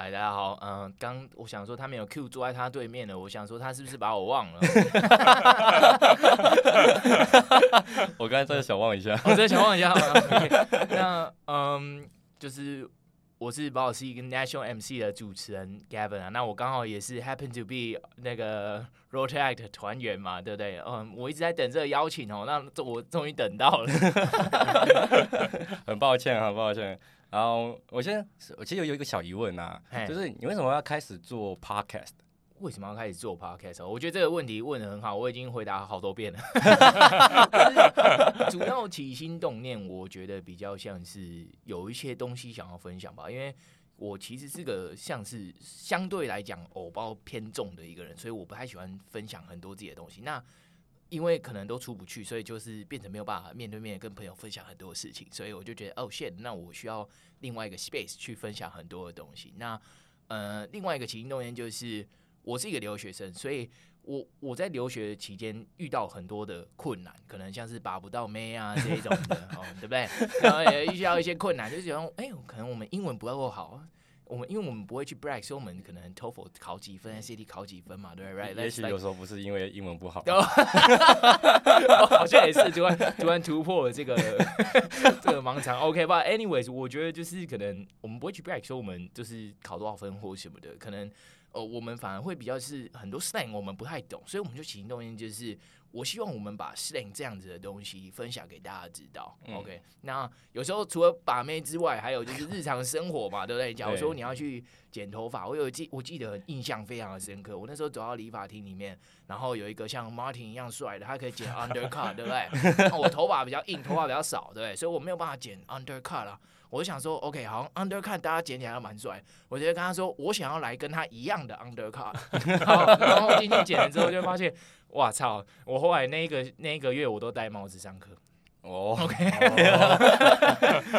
嗨，Hi, 大家好，嗯，剛我想說他沒有 Q 坐在他對面的，我想說他是不是把我忘了？我剛才真的想忘一下，我真在想忘一下嘛。Okay. 那嗯，就是我是寶西跟 National eMCee 的主持人 Gavin 啊，那我剛好也是 happen to be 那個 Rotaract 團員嘛，對不對？嗯、um,，我一直在等這個邀請哦，那我終於等到了， 很抱歉，很抱歉。然後，uh, 我先，我其實有一個小疑問啊，就是你為什麼要開始做 podcast？為什麼要開始做 podcast？我覺得這個問題問得很好，我已經回答好多遍了。 主要起心動念，我覺得比較像是有一些東西想要分享吧。因為我其實是個像是相對來講，偶包偏重的一個人，所以我不太喜歡分享很多自己的東西。那因為可能都出不去，所以就是變成沒有辦法面對面跟朋友分享很多事情，所以我就覺得哦，謝，那我需要另外一個 space 去分享很多的東西。那呃，另外一個起心動念就是我是一個留學生，所以我我在留學期間遇到很多的困難，可能像是拔不到妹啊這一種的， 哦，對不對？然後也遇到一些困難，就是有哎，可能我們英文不夠好啊。我們因為我們不會去 brag，所以我們可能 TOEFL 考幾分，SAT、嗯、考幾分嘛，對不對？Right？也許有時候不是因為英文不好， 好像也是突然突然突破了這個這個盲腸。OK，but Anyways，我覺得就是可能我們不會去 brag，所以我們就是考多少分或什麼的，可能呃我們反而會比較是很多 slang 我們不太懂，所以我們就行動就是。我希望我們把 slang 這樣子的東西分享給大家知道。嗯、OK，那有時候除了把妹之外，還有就是日常生活嘛，對不 對？假如說你要去剪頭髮，我有記，我記得印象非常的深刻。我那時候走到理髮廳裡面，然後有一個像 Martin 一樣帥的，他可以剪 undercut， 對不對？ 我頭髮比較硬，頭髮比較少，對不對？所以我沒有辦法剪 undercut 啦、啊。我就想說，OK，好，Undercut，大家剪起來還蠻帥。我覺得跟他說我想要來跟他一樣的 Undercut， 然後今天剪了之後就發現，哇操！我後來那一個那一個月我都戴帽子上課。哦，OK，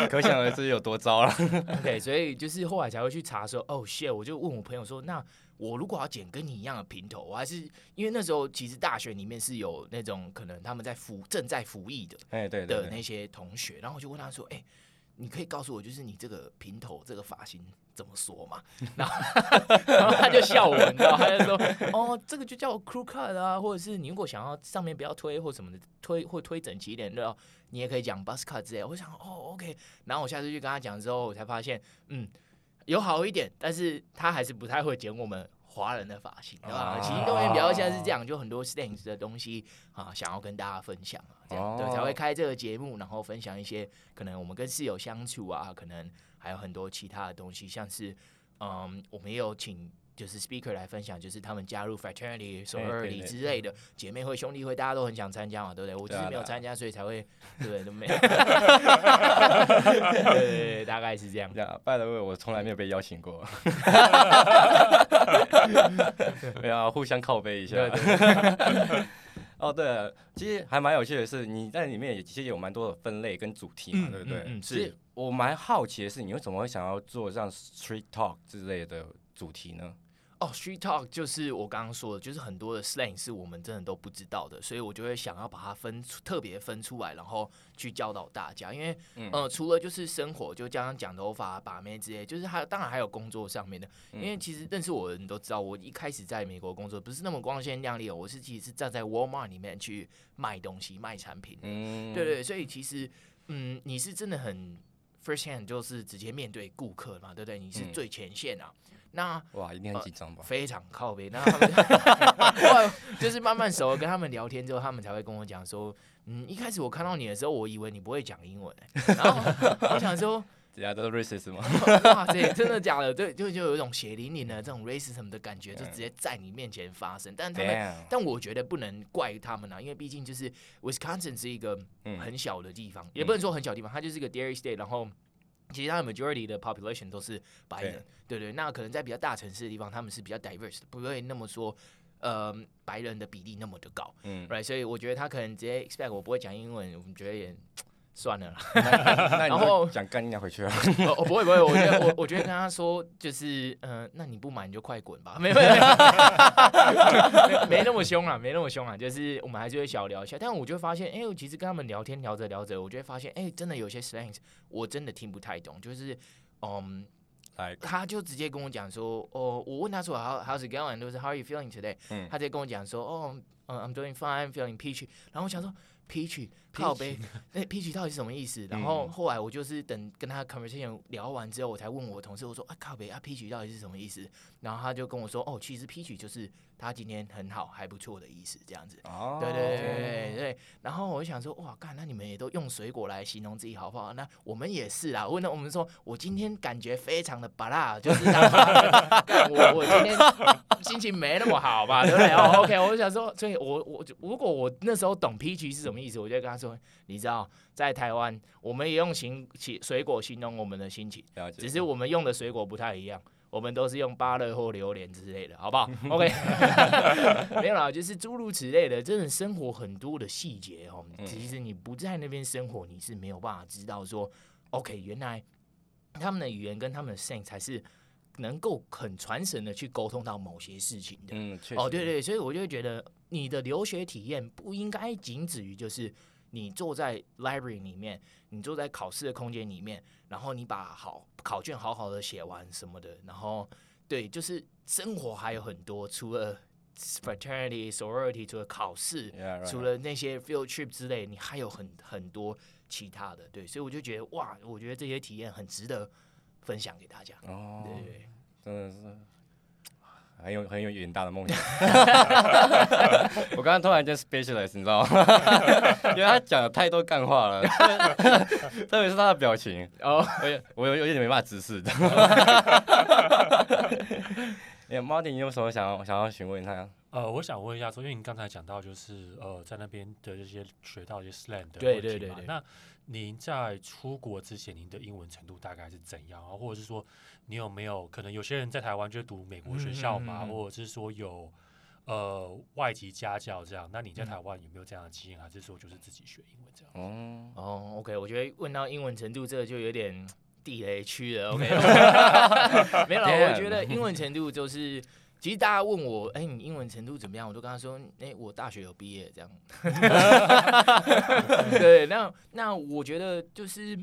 可想而知有多糟了。OK，所以就是後來才會去查說，哦、oh,，shit！我就問我朋友說，那我如果要剪跟你一樣的平頭，我還是因為那時候其實大學裡面是有那種可能他們在服正在服役的，的那些同學，對對對對然後我就問他說，哎、欸。你可以告訴我，就是你這個平頭這個髮型怎麼說嘛？然後，然後他就笑我，你知道，他就說：“哦，這個就叫 crew cut 啊，或者是你如果想要上面不要推或什麼的，推或推整齊一點，然後、對哦、你也可以講 bus cut 之類。”我想，哦，OK。然後我下次去跟他講之後，我才發現，嗯，有好一點，但是他還是不太會剪我們。華人的髮型，對吧？Uh, 其實都也比較像是這樣，uh. 就很多 sense 的東西啊，想要跟大家分享啊，這樣對、uh. 才會開這個節目，然後分享一些可能我們跟室友相處啊，可能還有很多其他的東西，像是嗯，我們也有請。就是 speaker 來分享，就是他們加入 fraternity、sorority 之類的姐妹會、兄弟會，大家都很想參加嘛，對不對？我其實沒有參加，所以才會對對？哈對大概是這樣。By the way，我從來沒有被邀請過。哈沒有，互相靠背一下。哦，對了，其實還蠻有趣的是，你在裡面也其實有蠻多的分類跟主題嘛，對不對？是我蠻好奇的是，你為什麼會想要做像 street talk 之類的主題呢？哦、oh，Street Talk 就是我剛剛說的，就是很多的 slang 是我們真的都不知道的，所以我就會想要把它分出，特別分出來，然後去教導大家。因為，嗯、呃，除了就是生活，就加上講頭髮、把妹之類，就是還有當然還有工作上面的。因為其實認識我的人都知道，我一開始在美國工作不是那麼光鮮亮麗，我是其實是站在沃爾瑪裡面去賣東西、賣產品。嗯，對，對對，所以其實，嗯，你是真的很 first hand，就是直接面對顧客嘛，對不對，對？你是最前線啊。嗯那哇，一定很緊張吧、呃？非常靠北。那 他們、就是， 就是慢慢熟，跟他們聊天之後，他們才會跟我講說，嗯，一開始我看到你的時候，我以為你不會講英文、欸。 然後我想說，都是 r a c i s、 啊、真的假的？對，就就有一種血淋淋的這種 racism 什麼的感覺，Yeah. 就直接在你面前發生。但他們，Yeah. 但我覺得不能怪他們啊，因為畢竟就是 Wisconsin 是一個很小的地方，嗯、也不能說很小地方，它就是一個 dairy state，然後。其實他的 majority 的 population 都是白人，對對，對對，那可能在比較大城市的地方，他們是比較 diverse 的，不會那麼說，呃，白人的比例那麼的高，嗯，right，所以我覺得他可能直接 expect 我不會講英文，我們覺得也。算了，然後想跟淨點回去啊 後。哦，不會不會，我覺得我我覺得跟他說就是，嗯、呃，那你不買你就快滾吧，沒 沒那麼凶啊，沒那麼凶啊，就是我們還是會小聊一下。但我就發現，哎、欸，我其實跟他們聊天聊着聊着，我就會發現，哎、欸，真的有些 slang 我真的聽不太懂，就是，嗯，Like. 他就直接跟我講說，哦，我問他說，How How's going？就是 How are you feeling today？、嗯、他直接跟我講說，哦。嗯、uh，I'm doing fine. I'm Feeling peachy 然後我想說，peachy peachy, 靠北北，哎 peachy 到底是什麼意思？ 然後後來我就是等跟他 conversation 聊完之後，我才問我同事，我說啊，靠北啊 peachy 到底是什麼意思？然後他就跟我說，哦，其實 peachy 就是他今天很好，還不錯的意思，這樣子。哦，對對對對。於對然後我就想說，哇，幹，那你們也都用水果來形容自己好不好？那我們也是啊。問到我們說，我今天感覺非常的 blah，就是他 我我今天心情沒那麼好吧，對不對、oh,？OK，我就想說，所以。我我如果我那時候懂 PG 是什麼意思，我就跟他說，你知道，在台灣我們也用形水果形容我們的心情，了解。只是我們用的水果不太一樣，我們都是用芭樂或榴蓮之類的，好不好？OK， 沒有啦，就是諸如此類的，真的生活很多的細節哦。其實你不在那邊生活，你是沒有辦法知道說，OK，原來他們的語言跟他們的 think 才是能夠很傳神的去溝通到某些事情的。哦、嗯，oh, 對，對對，所以我就會覺得。你的留學體驗不應該僅止於就是你坐在 library 裡面，你坐在考試的空間裡面，然後你把好考卷好好的寫完什麼的，然後對，就是生活還有很多，除了 fraternity, sorority，除了考試，yeah, right. 除了那些 field trip 之類，你還有很很多其他的。對，所以我就覺得哇，我覺得這些體驗很值得分享給大家。哦，oh, 對,對,對，真的是。很有很有遠大的夢想， 我剛剛突然間 specialist，你知道嗎？ 因為他講了太多幹話了， 特別是他的表情，哦、oh,，我有我有有一點沒辦法直視。 哎、yeah,，Martin，你有什麼想要想要詢問他、啊？呃，我想問一下，說，因為您剛才講到，就是呃，在那邊的這些學到一些 slang 的問題嘛，對對對，對，那您在出國之前，您的英文程度大概是怎樣啊？或者是說，你有沒有可能有些人在台灣就讀美國學校嘛？嗯嗯，或者是說有呃外籍家教這樣？那你在台灣有沒有這樣的經驗？還是說就是自己學英文這樣？嗯，哦、oh,，OK，我覺得問到英文程度，這個就有點。嗯地雷區了，OK， 沒有啦，Yeah. 我覺得英文程度就是，其實大家問我，哎、欸，你英文程度怎麼樣？我就跟他說，哎、欸，我大學有畢業，這樣。 對，那那我覺得就是。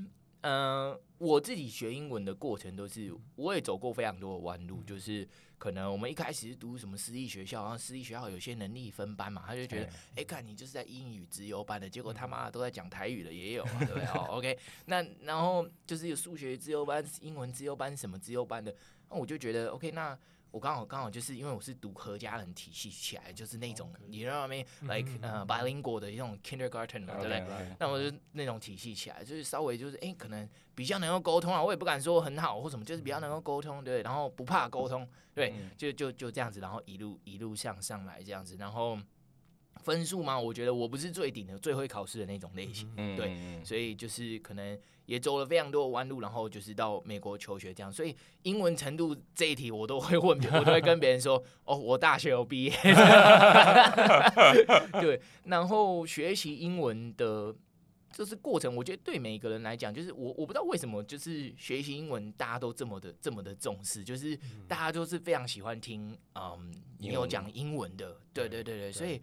嗯、呃，我自己學英文的過程都是，我也走過非常多的彎路，嗯、就是可能我們一開始讀什麼私立學校，然後私立學校有些能力分班嘛，他就覺得，哎、嗯欸，看你就是在英語資優班的，結果他媽都在講台語的也有，對不對？OK，那然後就是有數學資優班、英文資優班什麼資優班的，那我就覺得 OK 那。我剛好剛好就是因為我是讀何嘉仁體系起來，就是那種你知道嗎？I mean, like 呃、uh,，bilingual 的那種 kindergarten 嘛，對不對？那 Okay, okay. 我就那種體系起來，就是稍微就是哎、欸，可能比較能夠溝通啊。我也不敢說很好或什麼，就是比較能夠溝通，對不對？然後不怕溝通，對，就就就這樣子，然後一路一路向上來這樣子，然後。分數嗎？我覺得我不是最頂的、最會考試的那種類型，嗯、對，嗯、所以就是可能也走了非常多的彎路，然後就是到美國求學這樣。所以英文程度這一題我都會問，我都會跟別人說：“ 哦，我大學有畢業。” 對，然後學習英文的就是過程，我覺得對每個人來講，就是我我不知道為什麼，就是學習英文大家都這麼的、這麼的重視，就是大家都是非常喜歡聽，嗯，英文。你有講英文的，對對對對，對所以。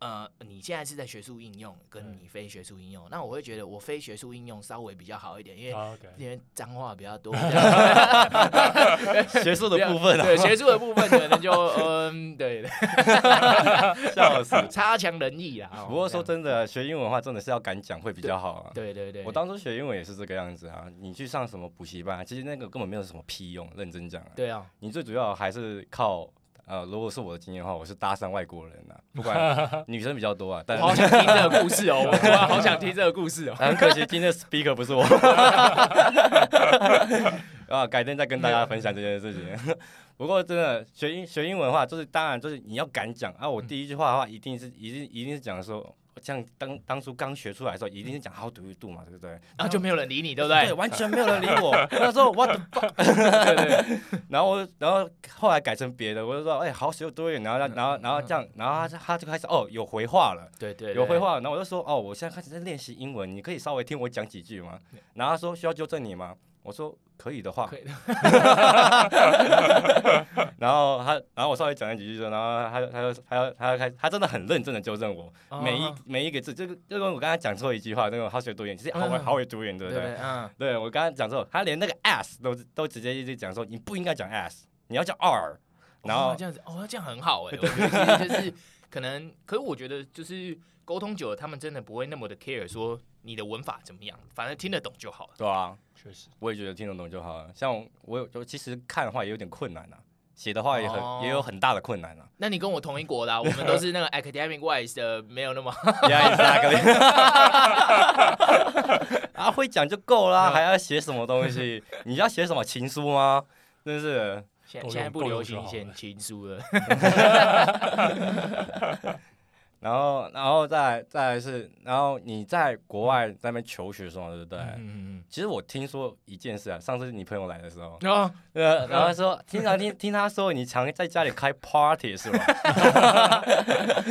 呃，你現在是在學術應用，跟你非學術應用，那我會覺得我非學術應用稍微比較好一點，因為因為髒話比較多，學術的部分啊，對，學術的部分可能就嗯，對，笑死，差強人意啊。不過說真的，學英文的話真的是要敢講會比較好啊。對對對，我當初學英文也是這個樣子啊，你去上什麼補習班，其實那個根本沒有什麼屁用，認真講啊。對啊，你最主要還是靠。呃，如果是我的經驗的話，我是搭訕外國人吶、啊，不管女生比較多啊。但是好想聽這個故事哦、喔，我好想聽這個故事哦、喔。 很可惜，今天 speaker 不是我。啊， 改天再跟大家分享這件事情。 不過真的學英學英文的話，就是當然就是你要敢講啊。我第一句話的話一一，一定是一定一定是講說。像當當初剛學出來的時候，一定是講 how do you do 嘛，對不對？然後就沒有人理你，對不對？ 對，完全沒有人理我。 他說 What the fuck？ 對，對對。然後我，然後後來改成別的，我就說，哎、欸，好學多一點。然後，然後，然後這樣，然後他他就開始哦，有回話了。對對，有回話。然後我就說，哦，我現在開始在練習英文，你可以稍微聽我講幾句嗎？然後他說需要糾正你嗎？我說。可以的話，可以的。然後他，然後我稍微講了幾句，說，然後他，就他就，他就他就開，始，他真的很認真的糾正我，uh huh. 每一每一個字，這個這個我剛才講錯一句話，那種、個、好學讀音，其實 how are, how are you doing，huh. 對不對？對，uh huh. 對，我剛才講錯，他連那個 s 都都直接一直講說你不應該講 s，你要叫 r。然後、哦、這樣子，哦，這樣很好哎、欸。 我覺得就是可能，可是我覺得就是溝通久了，他們真的不會那麼的 care，說你的文法怎麼樣，反正聽得懂就好了。對啊。確實，我也覺得聽懂懂就好了。像我有，就其實看的話也有點困難吶、啊，寫的話也很、哦、也有很大的困難吶、啊。那你跟我同一國的、啊，我們都是那個 academic wise 的，沒有那麼。哈哈哈！哈啊，會講就夠啦、啊， 還要寫什麼東西？你要寫什麼情書嗎？真是現在，現在不流行寫情書了。 然後，然後再來再來是，然後你在國外在那邊求學是嗎？對不對？嗯嗯嗯。其實我聽說一件事啊，上次你朋友來的時候，呃，然後說，經常聽他 聽他說你常在家裡開 party 是吧？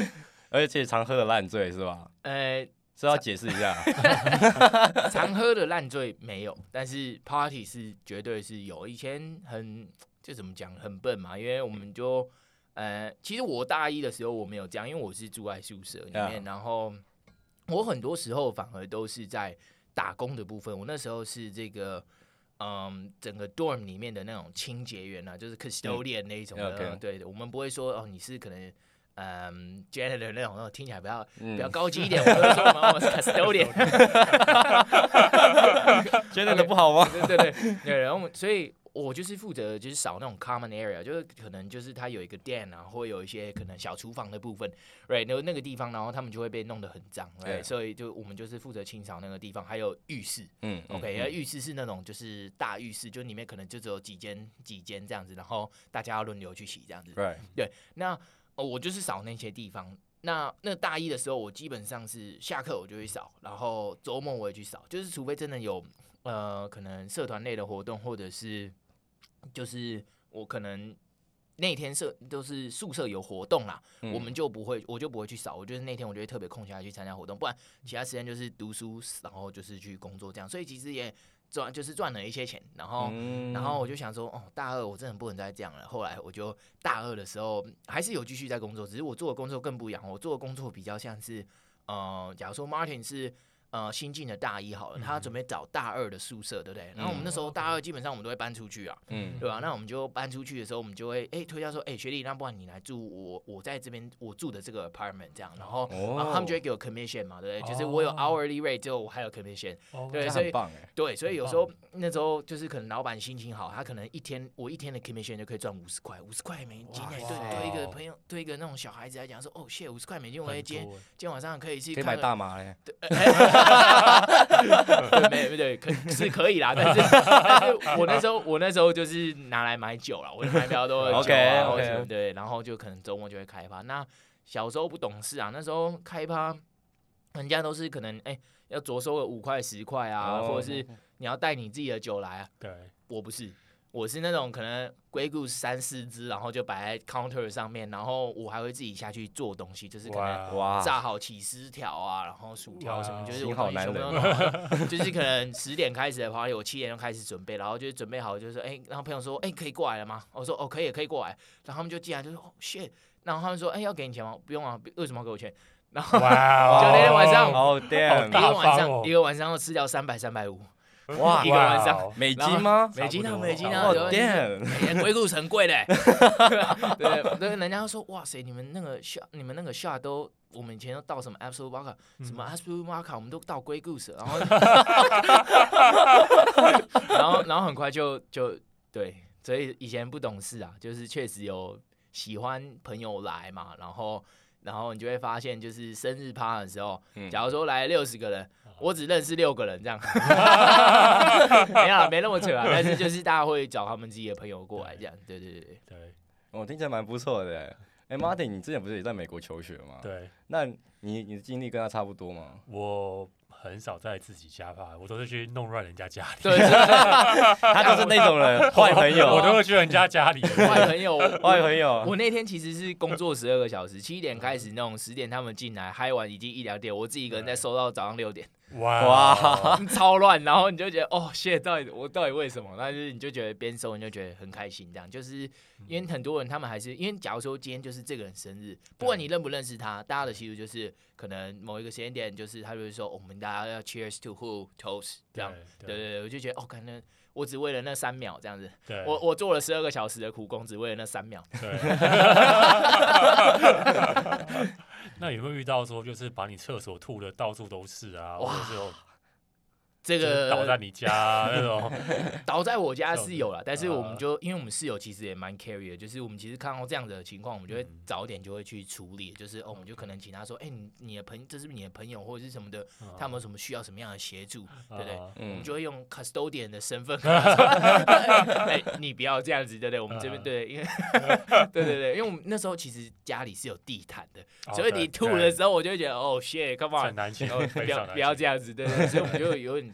而且常喝的爛醉是吧？呃，所以要解釋一下， 常喝的爛醉沒有，但是 party 是絕對是有。以前很，就怎麼講，很笨嘛，因為我們就。呃，其實我大一的時候我沒有這樣，因為我是住在宿舍裡面，Yeah. 然後我很多時候反而都是在打工的部分。我那時候是這個，嗯，整個 dorm 裡面的那種清潔員啊，就是 custodian 對那一種的。Okay. 對，我們不會說哦，你是可能，嗯、呃、janitor 那種，那種聽起來比較、嗯、比較高級一點。我會說我們我們是 custodian，janitor 不好嗎？對對對對，然後所以。我就是負責就是掃那種 common area，就是可能就是它有一個店啊，或有一些可能小廚房的部分，right，然後那個地方，然後他們就會被弄得很髒，對、right,，Yeah. 所以就我們就是負責清掃那個地方，還有浴室，嗯，OK，嗯浴室是那種就是大浴室，嗯、就裡面可能就只有幾間幾間這樣子，然後大家要輪流去洗這樣子，對，Right. 對，那我就是掃那些地方。那那大一的時候，我基本上是下課我就會掃，然後周末我也去掃，就是除非真的有呃可能社團類的活動或者是。就是我可能那天舍都、就是宿舍有活動啦，嗯、我們就不會，我就不會去掃。我就是那天我就會特別空下來去參加活動，不然其他時間就是讀書，然後就是去工作這樣。所以其實也賺，就是賺了一些錢。然後，嗯、然後我就想說，哦，大二我真的不能再這樣了。後來我就大二的時候還是有繼續在工作，只是我做的工作更不一樣。我做的工作比較像是，呃，假如說 Martin 是。呃，新進的大一好了，他準備找大二的宿舍，對不對？然後我們那時候大二基本上我們都會搬出去啊，對吧？那我們就搬出去的時候，我們就會哎推銷說，哎，學弟，那不然你來住我，我在這邊我住的這個 apartment 這樣，然後，然後他們就會給我 commission 嘛，對不對？就是我有 hourly rate，之後我還有 commission，對，所以，對，所以有時候那時候就是可能老闆心情好，他可能一天我一天的 commission 就可以賺五十塊，五十塊美金，對一個朋友，對一個那種小孩子來講說，哦，謝謝五十塊美金，我今天晚上可以去，可以買大麻哈哈哈對沒，對，可是可以啦，但是，但是我那時候 我那時候就是拿來買酒啦，我的發票都、啊、OK，, okay. 對，然後就可能周末就會開趴。那小時候不懂事啊，那時候開趴，人家都是可能哎、欸、要着收個五塊十塊啊，oh, okay. 或者是你要帶你自己的酒來啊。對 Okay. 我不是。我是那種可能硅谷三四只，然後就擺在 counter 上面，然後我還會自己下去做東西，就是可能炸好起司條啊，wow, 然後薯條什麼，哇就是我可那時就是可能十點開始的 party，我七點鐘開始準備，然後就準備好就是哎，然後朋友說哎可以過來了嗎？我說哦可以可以過來，然後他們就進來就說哦 shit，然後他們說哎要給你錢嗎？不用啊，為什麼要給我錢？然後哇，就那天晚上，wow, oh, oh, damn, 哦對，一個晚上，oh, damn, 哦、一個晚上要吃掉三百三百五。哇，一個晚上美金嗎？美金啊，美金啊，好貴！龜鹿很貴的對，對，人家說哇塞，你們那個夏，你們那個夏都，我們以前都到什麼 absolutely 阿布巴卡，什麼 absolutely 阿布巴卡，我們都到龜故城，然後，然後，然後很快就就對，所以以前不懂事啊，就是確實有喜歡朋友來嘛，然後，然後你就會發現，就是生日趴的時候，假如說來六十個人。我只認識六個人這樣，沒有沒那麼扯啊，但是就是大家會找他們自己的朋友過來這樣，對對對對我對、哦、聽起來蠻不錯的哎，哎、欸、Martin 你之前不是也在美國求學嗎？對，那你你的經歷跟他差不多嘛？我很少在自己家吧，我都是去弄亂人家家裡，對，對，他就是那種人壞 朋友我，我都會去人家家裡壞朋友壞朋友，我，朋友我那天其實是工作十二個小時，七點開始弄，十點他們進來嗨完已經一兩點，我自己一個人在收到早上六點。哇，wow, wow, 超亂， 然後你就覺得 哦，謝在到底 shit, 到底我到底為什麼？但是你就覺得邊收你就覺得很開心，這樣就是因為很多人他們還是因為，假如說今天就是這個人生日，不管你認不認識他，對大家的習俗就是可能某一個時間點，就是他就會說、哦、我們大家要 cheers to who toast 這樣，對對,對對對，我就覺得哦，可能。我只為了那三秒這樣子，對我我做了十二個小時的苦工，只為了那三秒。那有沒有遇到說，就是把你廁所吐的到處都是啊？哇或者是這個倒在你家那種， 倒在我家是有了， 但是我們就因為我們室友其實也蠻 carry 的，就是我們其實看到這樣子的情況，我們就會早點就會去處理，就是哦，我們就可能請他說，哎、欸，你你的朋友，這是不是你的朋友或者是什麼的，他有沒有什麼需要什麼樣的協助，嗯、對不對，對？嗯、我們就會用 custodian 的身份，哎、 欸，你不要這樣子，對不對，對？我們這邊對，因為、嗯、對對對，因為我們那時候其實家裡是有地毯的，所以你吐的時候，我就會覺得哦，哦，shit，come on，、哦、不要不要這樣子，對不對，對？ 所以我們就有點。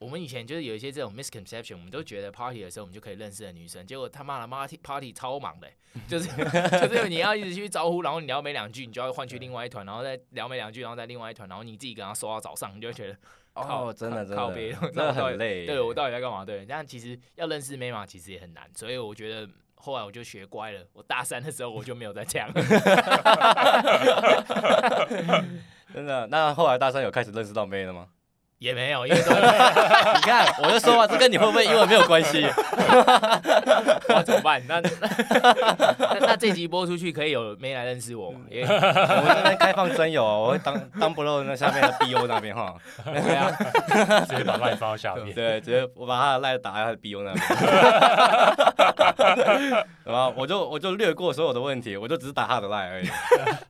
我們以前就是有一些這種 misconception，我們都覺得 party 的時候我們就可以認識的女生，結果他媽的 party party 超忙的，欸，就是 就是你要一直去招呼，然後你聊沒兩句，你就要換去另外一團，然後再聊沒兩句，然後再另外一團，然後你自己跟她說到早上，你就會覺得哦，真的靠真的，靠靠真的很累。對我到底在幹嘛？對，但其實要認識妹嘛，其實也很難，所以我覺得後來我就學乖了。我大三的時候我就沒有再這樣了， 真的。那後來大三有開始認識到妹了嗎？也沒有，因為 你看，我就說嘛，啊、這跟你會不會英文沒有關係。那怎麼辦？那那、啊、那這集播出去可以有沒來認識我嗎？因為 我們開放真有，我會當當不露那下面的 BO 那邊哈，對啊，直接把賴放到下面， 對，直接我把他的賴打在他的 BO 那邊、 嗯。我就我就略過所有的問題，我就只是打他的賴而已，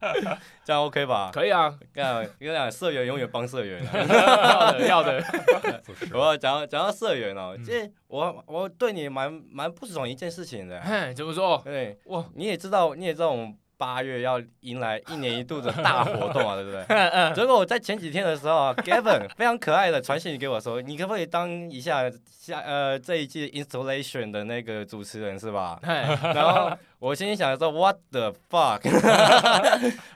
這樣 OK 吧？可以啊，這樣因為這樣社員永遠幫社員、啊。 要的，我 講講到社員哦，這、嗯、我我對你蠻蠻不爽一件事情的，怎麼說？對，你也知道，你也知道我們八月要迎來一年一度的大活動啊， 對不對？ 結果我在前幾天的時候，啊，Gavin 非常可愛的傳信給我說，你可不可以當一下下呃這一季 installation 的那個主持人是吧？ 然後。我心裡想說，What the fuck？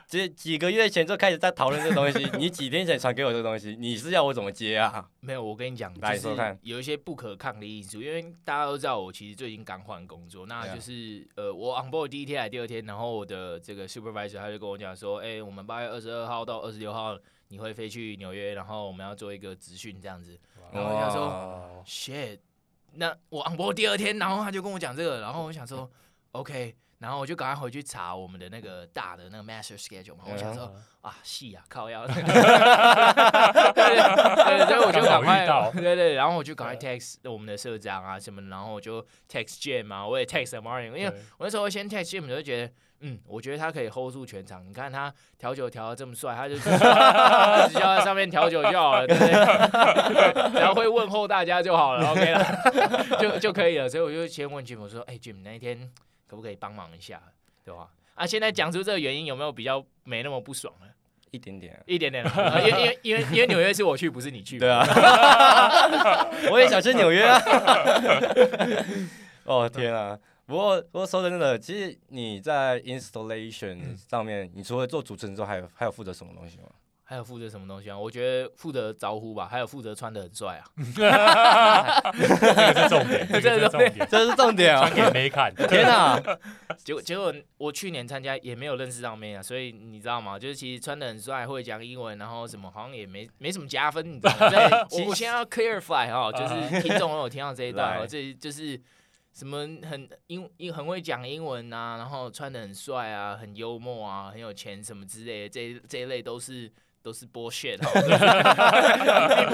幾 幾個月前就開始在討論這個東西， 你幾天前傳給我這個東西，你是要我怎麼接啊？沒有，我跟你講，但是有一些不可抗的因素，因為大家都知道，我其實最近剛換工作，那就是 Yeah. 呃，我 onboard 第一天還是第二天，然後我的這個 supervisor 他就跟我講說，哎、欸，我們八月二十二號到二十六號你會飛去紐約，然後我們要做一個資訊這樣子，Wow. 然後我想說 Wow.，Shit，那我 onboard 第二天，然後他就跟我講這個，然後我想說。 OK，然後我就趕快回去查我們的那個大的那個 master schedule，嘛。啊、我想說啊，戲啊靠腰。要， 對對，所以我就趕快。對對，然後我就趕快 text 我們的社長啊什麼，然後我就 text Jim 啊，我也 text Morning，對因為我那時候我先 text Jim，我就覺得，嗯，我覺得他可以 hold 住全場，你看他調酒調得這麼帥，他就 他只需要在上面調酒就好了，對不對,對？然後會問候大家就好了 ，OK 了，就就可以了，所以我就先問 Jim 我說，哎、欸、，Jim 那一天。可不可以幫忙一下，對吧？啊，現在講出這個原因，有沒有比較沒那麼不爽啊？一點點、啊，一點點、啊 啊。因為因為因為紐約是我去，不是你去，對啊。 我也想去紐約啊！ 哦天啊！不過不過說真的，其實你在 installation 上面，嗯、你除了做主持人之外，還有還有負責什麼東西嗎？還有負責什麼東西啊？我覺得負責招呼吧，還有負責穿的很帥啊。這個是重點，這是 重點，這是重點啊！沒 看，天哪！結果結果我去年參加也沒有認識到妹啊，所以你知道嗎？就是其實穿的很帥，會講英文，然後什麼好像也沒沒什麼加分，你知道嗎？我 先要 clarify 啊，就是聽眾朋友聽到這一段哈，這 來、喔、就是什麼很英英很會講英文啊，然後穿的很帥啊，很幽默啊，很有錢什麼之類的，這一這一類都是。都是剝你不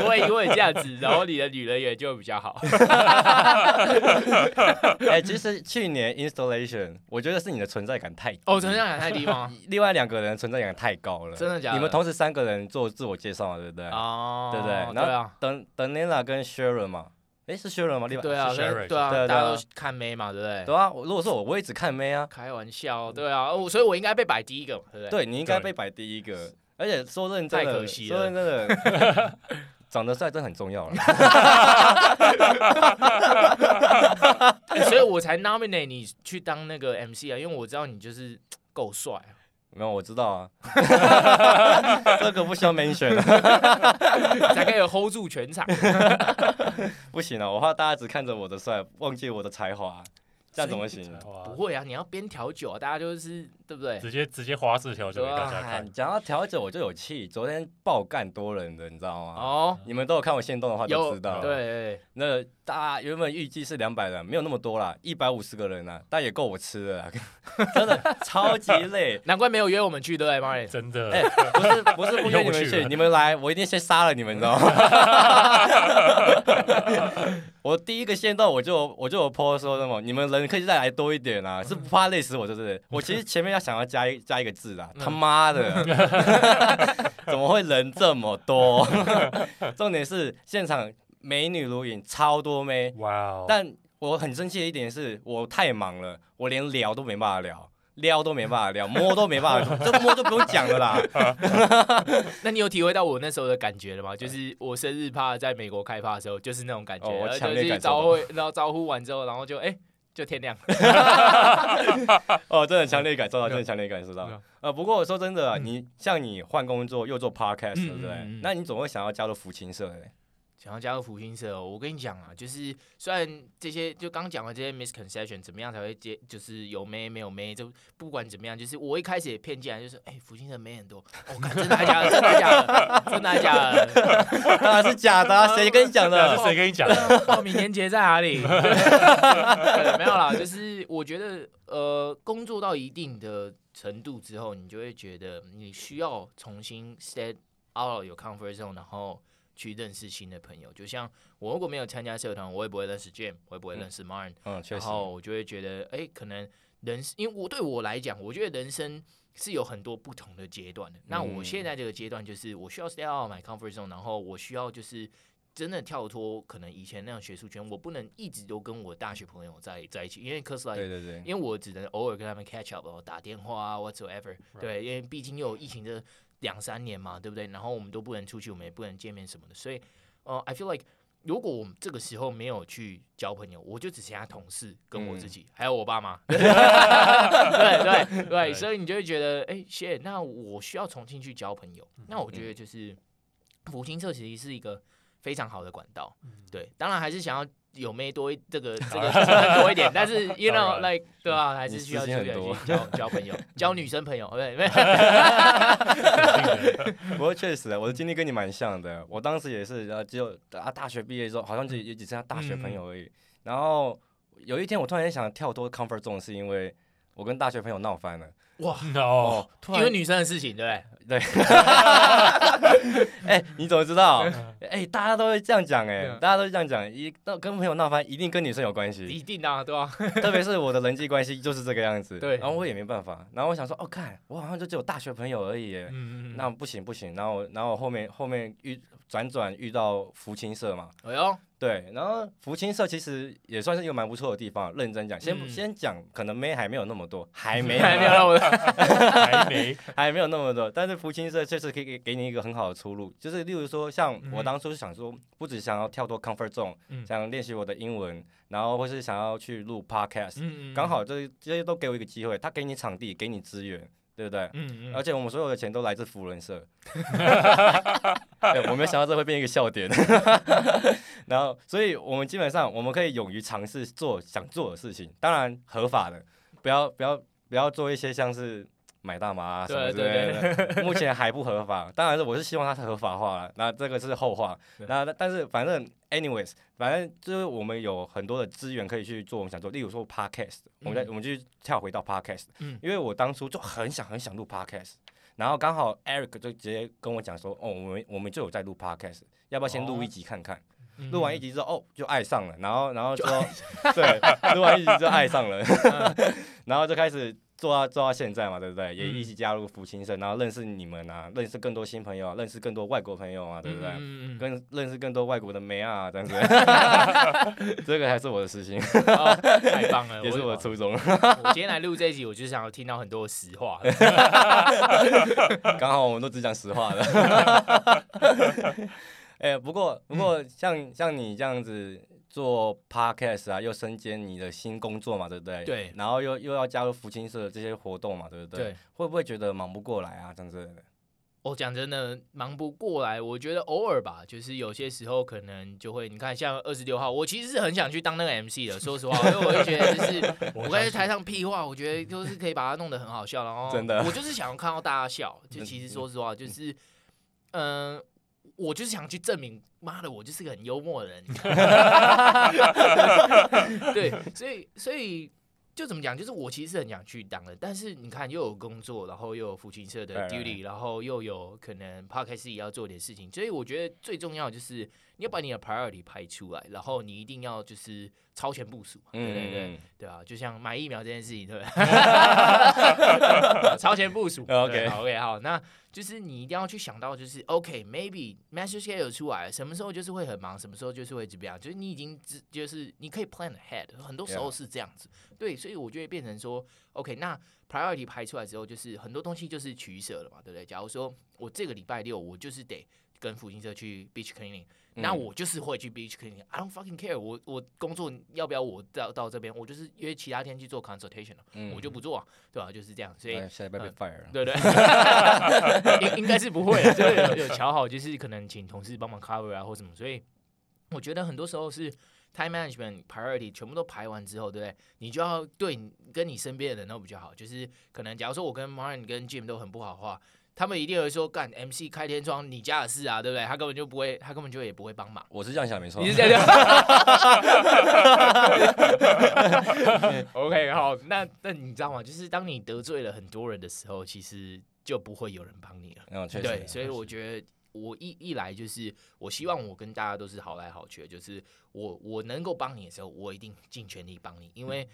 會，因為這樣子，然後你的女人緣就會比較好。哎、欸，其實去年 installation 我覺得是你的存在感太哦，存在感太低嗎？另外兩個人存在感太高了，真的假的？你們同時三個人做自我介紹嘛，對不對？哦，oh, 對不對？然後鄧鄧麗 a 跟 Sharon 嘛，哎，是 Sharon 嗎？你對啊對對，對啊，對啊，大家都看妹嘛，對不對？對啊，如果是我，我也只看妹啊。開玩笑，對啊，所以我應該被擺第一個嘛，對不對？對，你應該被擺第一個。而且說真的，太可惜了說真的， 長得帥真很重要了、 欸。所以，我才 nominate 你去當那個 MC 啊，因為我知道你就是夠帥。沒有，我知道啊。 這個不需要 mention，才可以 hold 住全場。 不行了、啊，我怕大家只看着我的帥，忘記我的才華。那怎麼行？不會啊，你要邊調酒啊，大家就是對不對？直接直接花式調酒給大家看。講到調酒我就有氣，昨天爆幹多人的，你知道嗎？哦，你們都有看我限動的話就知道。對，那大原本預計是兩百人，沒有那麼多了，一百五十個人呢，但也夠我吃的，真的超級累，難怪沒有約我們去，對不對？媽耶，真的，哎，不是不是不約你們去，你們來，我一定先殺了你們，你知道嗎？我第一個限動，我就我就有 po 說的嘛你們人。可以再來多一點啊，是不怕累死我，就是我。其實前面要想要加一加一個字啊、嗯、他媽們的， 怎麼會人這麼多？ 重點是現場美女如雲，超多妹。Wow 但我很生氣的一點是我太忙了，我連聊都沒辦法聊，撩都沒辦法聊，摸都沒辦法，就摸都不用講了啦。 那你有體會到我那時候的感覺了嗎？就是我生日趴在美國開趴的時候，就是那種感覺。哦、我後就招呼，然後招呼完之後，然後就哎。欸就天亮， 哦，真的強烈感受到，真的強烈感受到。呃，不過說真的、啊，嗯、你像你換工作又做 podcast、嗯嗯嗯嗯、對不對，那你總會想要加入扶青社的。然後加入扶青社、哦，我跟你講啊，就是雖然這些就剛講的這些 misconception 怎麼樣才會接，就是有沒沒有沒，就不管怎麼樣，就是我一開始也偏見，就是哎，扶青社沒很多，哦、真的假的？ 是真的假的？ 是真的假的？當 然、啊、是假的、啊，誰跟你講的？啊、誰跟你講的？報名鏈接在哪裡？ 沒有啦，就是我覺得呃，工作到一定的程度之後，你就會覺得你需要重新 set out your comfort zone 然後。去認識新的朋友，就像我如果沒有參加社團，我也不會認識 Jam，我也不會認識 Marn，嗯，嗯，確實。然後我就會覺得，哎、欸，可能人，因為我對我來講，我覺得人生是有很多不同的階段的。嗯、那我現在這個階段就是我需要 stay out of my comfort zone，然後我需要就是真的跳脫可能以前那樣學術圈，我不能一直都跟我大學朋友在在一起，因為 cause like，對對對，因為我只能偶爾跟他們 catch up，然後打電話啊，whatsoever。對，Right. 因為畢竟又有疫情的。兩三年嘛，對不對？然後我們都不能出去，我們也不能見面什麼的。所以，呃，I feel like，如果我們這個時候沒有去交朋友，我就只剩下同事跟我自己，嗯、還有我爸媽。 對對對，對 Right. 所以你就會覺得，哎、欸，謝，那我需要重新去交朋友。那我覺得就是，扶青社其實是一個非常好的管道。嗯、對，當然還是想要。有沒多一這個這個 多一點，但是 you know like 對啊，還是需要去交交朋友，交 女生朋友，對。 不過確實，我的經歷跟你蠻像的，我當時也是，然後就啊大學畢業之後，好像就只剩下大學朋友而已。嗯、然後有一天，我突然想跳脫 comfort zone，是因為我跟大學朋友鬧翻了。哇哦，然因為女生的事情，對不對？對。哎，你怎麼知道？哎、欸，大家都會這樣講、欸，哎、嗯，大家都會這樣講，一到跟朋友鬧翻，一定跟女生有關係，一定的、啊，對吧、啊？特別是我的人際關係就是這個樣子，對。然後我也沒辦法，然後我想說，哦、喔，看，我好像就只有大學朋友而已，嗯嗯那、嗯、不行不行，然後然後後面後面遇轉轉遇到扶青社嘛，哎呦，對，然後扶青社其實也算是一個蠻不錯的地方，認真講，先、嗯、先講，可能沒還沒有那麼多，還沒還，還沒有那麼多。 還沒，還沒有那麼多。但是扶青社確實可以給給你一個很好的出路，就是例如說，像我當初是想說，嗯、不只想要跳脫 comfort zone、嗯、想練習我的英文，然後或是想要去錄 podcast，剛、嗯嗯嗯、好，這這些都給我一個機會，他給你場地，給你資源，對不對？嗯，嗯而且我們所有的錢都來自扶輪社，嗯嗯 對，我沒想到這會變一個笑點。 然後，所以我們基本上我們可以勇於嘗試做想做的事情，當然合法的，不要不要。不要做一些像是買大麻啊什麼之類的，目前還不合法。當然是，我是希望它是合法化了。那這個是後話。那但是反正，anyways，反正就是我們有很多的資源可以去做我們想做。例如說，podcast，我們我們就跳回到 podcast。因為我當初就很想很想錄 podcast，然後剛好 Eric 就直接跟我講說：“哦，我們我們就有在錄 podcast，要不要先錄一集看看？”哦錄完一集之後，哦，就愛上了，然後，然後說，對，錄完一集就愛上了， 然後就開始做到做到現在嘛，對不對？嗯、也一起加入扶青社，然後認識你們啊，認識更多新朋友，啊，認識更多外國朋友啊，對不對？嗯嗯嗯嗯，跟認識更多外國的妹啊，這樣子。這個才是我的私心，太棒了， 也是我的初衷我有。 我今天來錄這一集，我就想要聽到很多實話。剛 好我們都只講實話的。 哎、欸，不過不過像，像像你這樣子做 podcast 啊，又身兼你的新工作嘛，對不對？對。然後又又要加入扶青社的這些活動嘛，對不對？對，會不會覺得忙不過來啊？這樣子？我講、oh, 真的，忙不過來。我覺得偶爾吧，就是有些時候可能就會，你看，像二十六號，我其實是很想去當那個 MC 的。 說實話，因為我就覺得，就是 我在台上屁話，我覺得就是可以把它弄得很好笑，然後真的，我就是想要看到大家笑。就其實說實話，就是嗯。 呃我就是想去證明，媽的，我就是個很幽默的人。 對，所以，所以就怎麼講，就是我其實是很想去當的，但是你看，又有工作，然後又有扶青社的 duty，Right. 然後又有可能 podcast 要做點事情，所以我覺得最重要就是。你要把你的 priority 排出來，然後你一定要就是超前部署，對對對，嗯嗯、對啊，就像買疫苗這件事情，對吧， 超前部署。OK OK 好，那就是你一定要去想到，就是 OK maybe mass scale 出來了，什麼時候就是會很忙，什麼時候就是會怎麼樣，就是你已經就是你可以 plan ahead，很多時候是這樣子，Yeah. 對，所以我就會變成說 OK 那。Priority 排出來之後，就是很多東西就是取舍了嘛，對不對？假如說我這個禮拜六我就是得跟扶青社去 beach cleaning，、嗯、那我就是會去 beach cleaning。I don't fucking care 我。我我工作要不要我到到這邊，我就是約其他天去做 consultation，、嗯、我就不做、啊，對吧、啊？就是這樣，所以下禮拜被 fire 了、嗯，對對、對， 應應該是不會，所以有有喬好，就是可能請同事幫忙 cover 啊或什麼。所以我覺得很多時候是。Time management priority 全部都排完之後，對不對？你就要對跟你身邊的人都比較好。就是可能，假如說我跟 Marin 跟 Jim 都很不好的話，他們一定會說：“幹 MC 開天窗，你家的事啊，對不對？”他根本就不會，他根本就也不會幫忙。我是這樣想，沒錯。你是這樣想。 OK，好，那那你知道嗎？就是當你得罪了很多人的時候，其實就不會有人幫你了。嗯，no, 確實，對，對確實，所以我覺得。我一一來就是，我希望我跟大家都是好來好去，就是我我能夠幫你的時候，我一定盡全力幫你，因為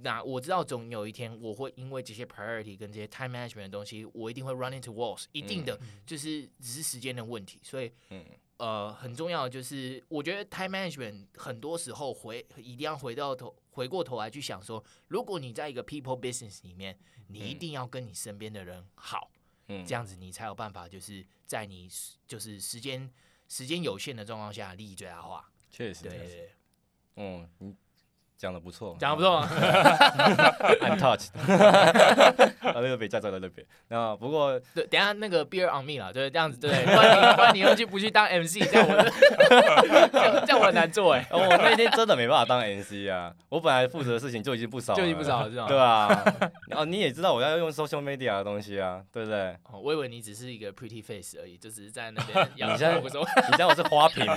那我知道總有一天我會因為這些 priority 跟這些 time management 的東西，我一定會 run into walls，一定的、嗯、就是只是時間的問題，所以、嗯、呃很重要就是，我覺得 time management 很多時候回一定要回到頭回過頭來去想說，如果你在一個 people business 裡面，你一定要跟你身邊的人好。嗯這樣子你才有辦法，就是在你就是時間時間有限的狀況下，利益最大化。確實，對，嗯，你。講的不錯，講的不錯，I'm touched 啊那個被駕照在那邊，那不過，等下那個 beer on me 啦，對，這樣子，對，不然不然你要去不去當 MC，這樣我，這樣我很難做哎，我那天真的沒辦法當 MC 啊，我本來負責的事情就已經不少，就已經不少了，對啊，然後你也知道我要用 social media 的東西啊，對不對？我以為你只是一個 pretty face 而已，就只是在那邊，你猜我，你知道我是花瓶嗎？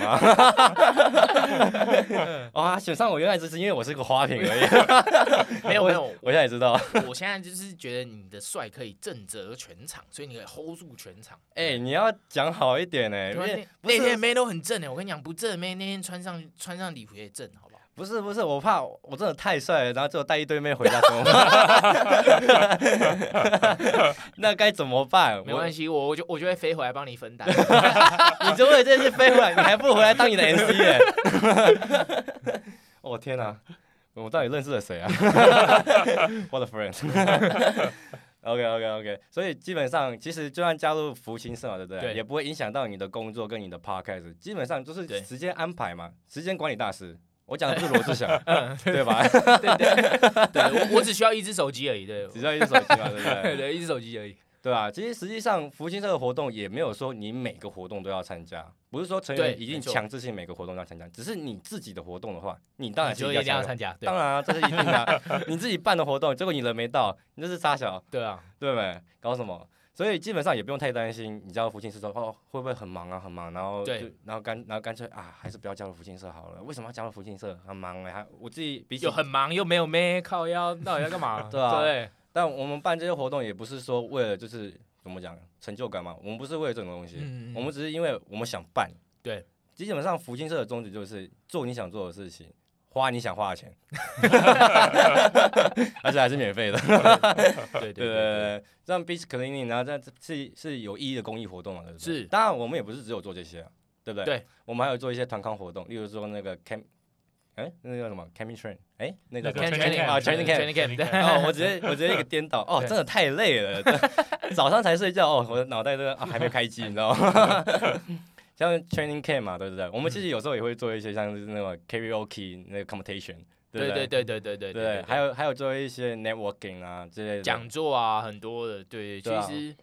啊，選上我原來就是因為我是。個花瓶而已，沒有沒有，我現在也知道。我現在就是覺得你的帥可以震懾全場，所以你可以 hold 住全場。哎，你要講好一點哎，因為那天妹都很正呢。我跟你講，不正妹那天穿上穿上禮服也正，好不好？不是不是，我怕我真的太帥了，然後最後帶一堆妹回家，那該怎麼辦？沒關係，我我我就會飛回來幫你分擔。你終於這次飛回來，你還不如回來當你的 MC 哎。我天哪！我到底認識了誰啊 ？What a friends？OK okay, OK OK，所以基本上其實就算加入扶青社對不對？對，也不會影響到你的工作跟你的 podcast，基本上就是時間安排嘛，對時間管理大師。我講的是羅志祥，對吧？對對對，對，我我只需要一隻手機而已，對，只需要一隻手機嘛，對不對？對，一隻手機而已。對啊，其實實際上扶青社的活動也沒有說你每個活動都要參加，不是說成員已經強制性每個活動都要參加，對只是你自己的活動的話，你當然就覺要，要參加。對啊、當然、啊、這是一定的、啊， 你自己辦的活動，結果你人沒到，這是殺小。對啊，對沒？搞什麼？所以基本上也不用太擔心，你知道扶青社說哦會不會很忙啊？很忙，然後就對然後幹然後乾脆啊，還是不要加入扶青社好了。為什麼要加入扶青社？很忙哎、欸，還我自己比又很忙又沒有咩靠腰，到底要幹嘛？ 對吧、啊？對。但我們辦這些活動也不是說為了就是怎麼講，成就感嘛，我們不是為了這種東西，嗯嗯嗯，我們只是因為我們想辦。對，基本上扶青社的宗旨就是做你想做的事情，花你想花的錢， 而且還是免費的。 對，對，對對對，讓 beach cleaning 然後在是是有意義的公益活動嘛，對不對？是，當然我們也不是只有做這些，啊，對不對？對，我們還有做一些團康活動，例如說那個開。哎、欸欸，那個叫什麼？Cam training？哎，那個 Training Camp 啊 Training Camp。 哦，我直接，我直接一個顛倒，哦、喔，真的太累了，嗯、 早上才睡覺哦、喔，我的腦袋都、啊、還沒開機，你知道嗎？ 像 Training Camp 嘛，對不對，對？我們其實有時候也會做一些像是那個 Karaoke 那個 Competition，對對對對對對，對，對，對，對，對，還有還有做一些 Networking 啊之類的講座啊，很多的，對，對，對，對啊、其實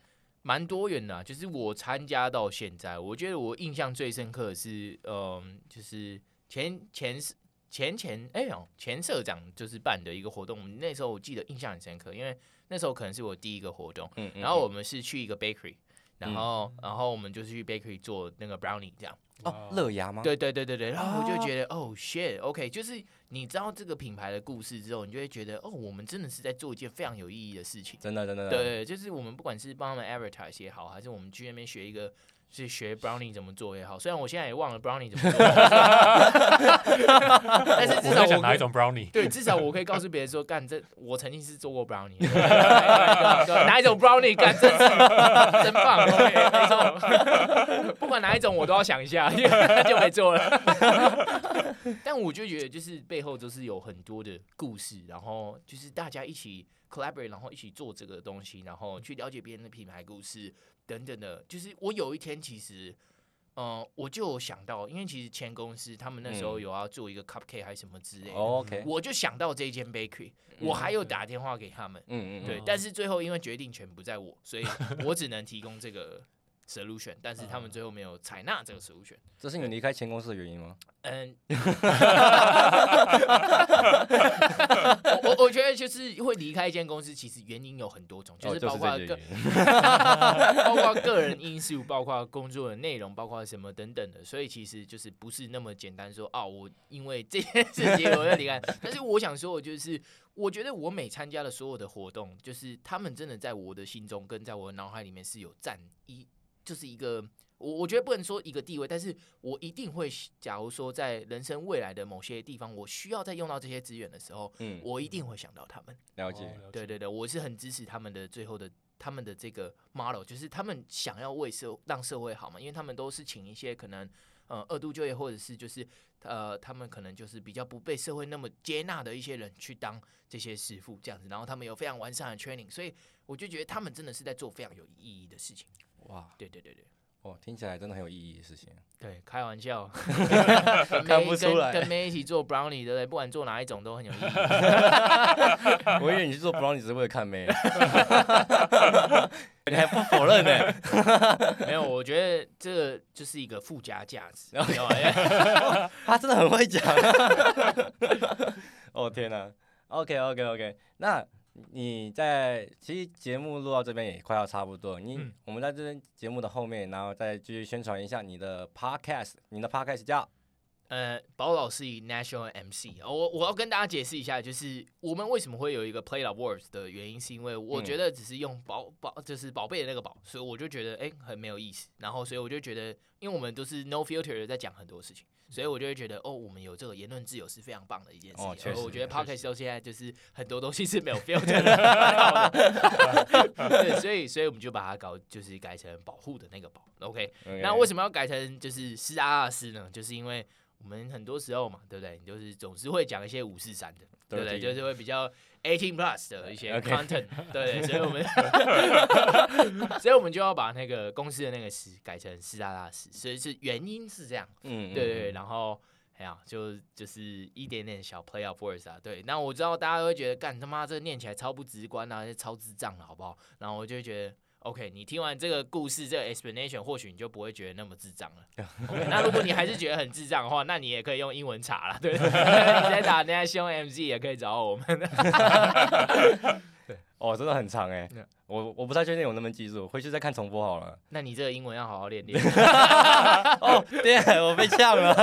蠻多元的。就是我參加到現在，我覺得我印象最深刻的是，嗯，就是前前是。前前哎喲，前社長就是辦的一個活動，我們那時候我記得印象很深刻，因為那時候可能是我第一個活動，嗯,嗯,嗯，然後我們是去一個 bakery，、嗯、然後然後我們就是去 bakery 做那個 brownie 這樣，哦，哦樂牙嗎？對對對對對，然後我就覺得，哦、啊 oh、，shit，OK，、okay, 就是。你知道這個品牌的故事之後，你就會覺得哦，我們真的是在做一件非常有意義的事情。真的，真的，對，就是我們不管是幫他們 advertise 也好，還是我們去那邊學一個，是學 brownie 怎麼做也好。雖然我現在也忘了 brownie 怎麼做， 但是至少我，我想哪一種 brownie？對，至少我可以告訴別人說，幹這我曾經是做過 brownie。 哪一種，種 brownie？幹真，真棒！Okay, 沒錯， 不管哪一種，我都要想一下，因 就沒做錯了。 但我就覺得，就是背後都是有很多的故事，然後就是大家一起 collaborate，然後一起做這個東西，然後去了解別人的品牌故事等等的。就是我有一天其實，嗯、呃，我就想到，因為其實前公司他們那時候有要做一個 cupcake 還是什麼之類的。嗯，我就想到這一間 bakery，我還有打電話給他們，嗯嗯，嗯嗯，對，但是最後因為決定權不在我，所以我只能提供這個。 Solution，但是他們最後沒有採納這個 solution。這是你離開前公司的原因嗎？嗯， 我我覺得就是會離開一間公司，其實原因有很多種，就是包括、哦就是、 包括個人因素，包括工作的內容，包括什麼等等的。所以其實就是不是那麼簡單說啊、哦，我因為這些事情我要離開。 但是我想說，的就是我覺得我每參加了所有的活動，就是他們真的在我的心中跟在我的腦海裡面是有占一。就是一個，我我覺得不能說一個地位，但是我一定會，假如說在人生未來的某些地方，我需要再用到這些資源的時候，嗯，我一定會想到他們。嗯，了解，了解，哦，對對對，我是很支持他們的最後的他們的這個 model，就是他們想要為社讓社會好嘛，因為他們都是請一些可能呃二度就業或者是就是呃他們可能就是比較不被社會那麼接納的一些人去當這些師傅這樣子，然後他們有非常完善的 training，所以我就覺得他們真的是在做非常有意義的事情。哇，對對對對，哇，聽起來真的很有意義的事情。對，開玩笑， 看不出來沒跟妹跟妹一起做 brownie 對不對不管做哪一種都很有意義。 我以為你是做 brownie 是為了看妹， 你還不否認呢、欸？ 沒有，我覺得這個就是一個附加價值，Okay. 他真的很會講。 哦天哪、啊、，OK OK OK，那。你在其實節目錄到這邊也快要差不多，你、嗯、我們在這邊節目的後面，然後再繼續宣傳一下你的 podcast，你的 podcast 叫呃，保島濕儀 National eMCee，我我要跟大家解釋一下，就是我們為什麼會有一個 play on words 的原因，是因為我覺得只是用寶寶就是寶貝的那個寶，所以我就覺得誒、欸、很沒有意思，然後所以我就覺得，因為我們都是 no filter 在講很多事情。所以我就會覺得，哦，我們有這個言論自由是非常棒的一件事情。哦，確實。我覺得 Podcast 現在就是很多東西是沒有 filter 的。對，所以，所以我們就把它搞，就是改成保護的那個保。OK。Okay. 那為什麼要改成就是私啊私呢？就是因為我們很多時候嘛，對不對？就是總是會講一些五四三的，對不對？就是會比較。Eighteen plus 的一些 content，Okay. 對,對,對， 所以我們， 所以我們就要把那個公司的那個詞改成濕答答的濕，所以是原因是這樣，嗯，對,對對，嗯、然後哎呀、啊，就就是一點點小 play on words 啊，對，那我知道大家都會覺得幹他媽這個、念起來超不直觀啊，超智障了，好不好？然後我就會覺得。OK，你聽完這個故事，這個 explanation，或許你就不會覺得那麼智障了。Okay, 那如果你還是覺得很智障的話，那你也可以用英文查了，對不對？你在打，那在用 eMCee，也可以找我們。 哦，oh, 真的很長哎，欸，Yeah. 我我不太確定我能不能記住，回去再看重播好了。那你這個英文要好好練練。哦，對，我被嗆了。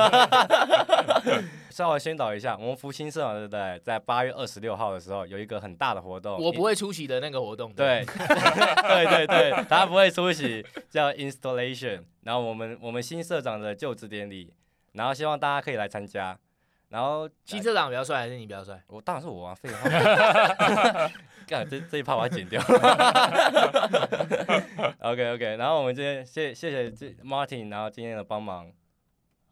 稍微宣導一下，我們扶青社長對不對，在八月二十六號的時候有一個很大的活動，我不會出席的那個活動。也對，對對對，他不會出席，叫 installation， 然後我們我們新社長的就職典禮，然後希望大家可以來參加。然後新社長比較帥還是你比較帥？我當然是我啊，廢話。 這這一趴把它剪掉了。 OK OK，然後我們今天謝謝這 Martin，然後今天的幫忙。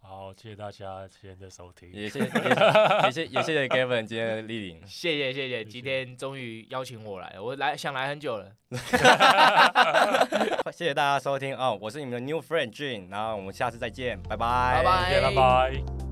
好，謝謝大家今天的收聽。也謝也謝也謝謝 Gavin 今天蒞臨。謝謝 謝謝，今天終於邀請我來，我來想來很久了。 謝謝大家收聽哦，我是你們的 New Friend Jane，然後我們下次再見，拜拜。拜拜 bye。Okay, bye bye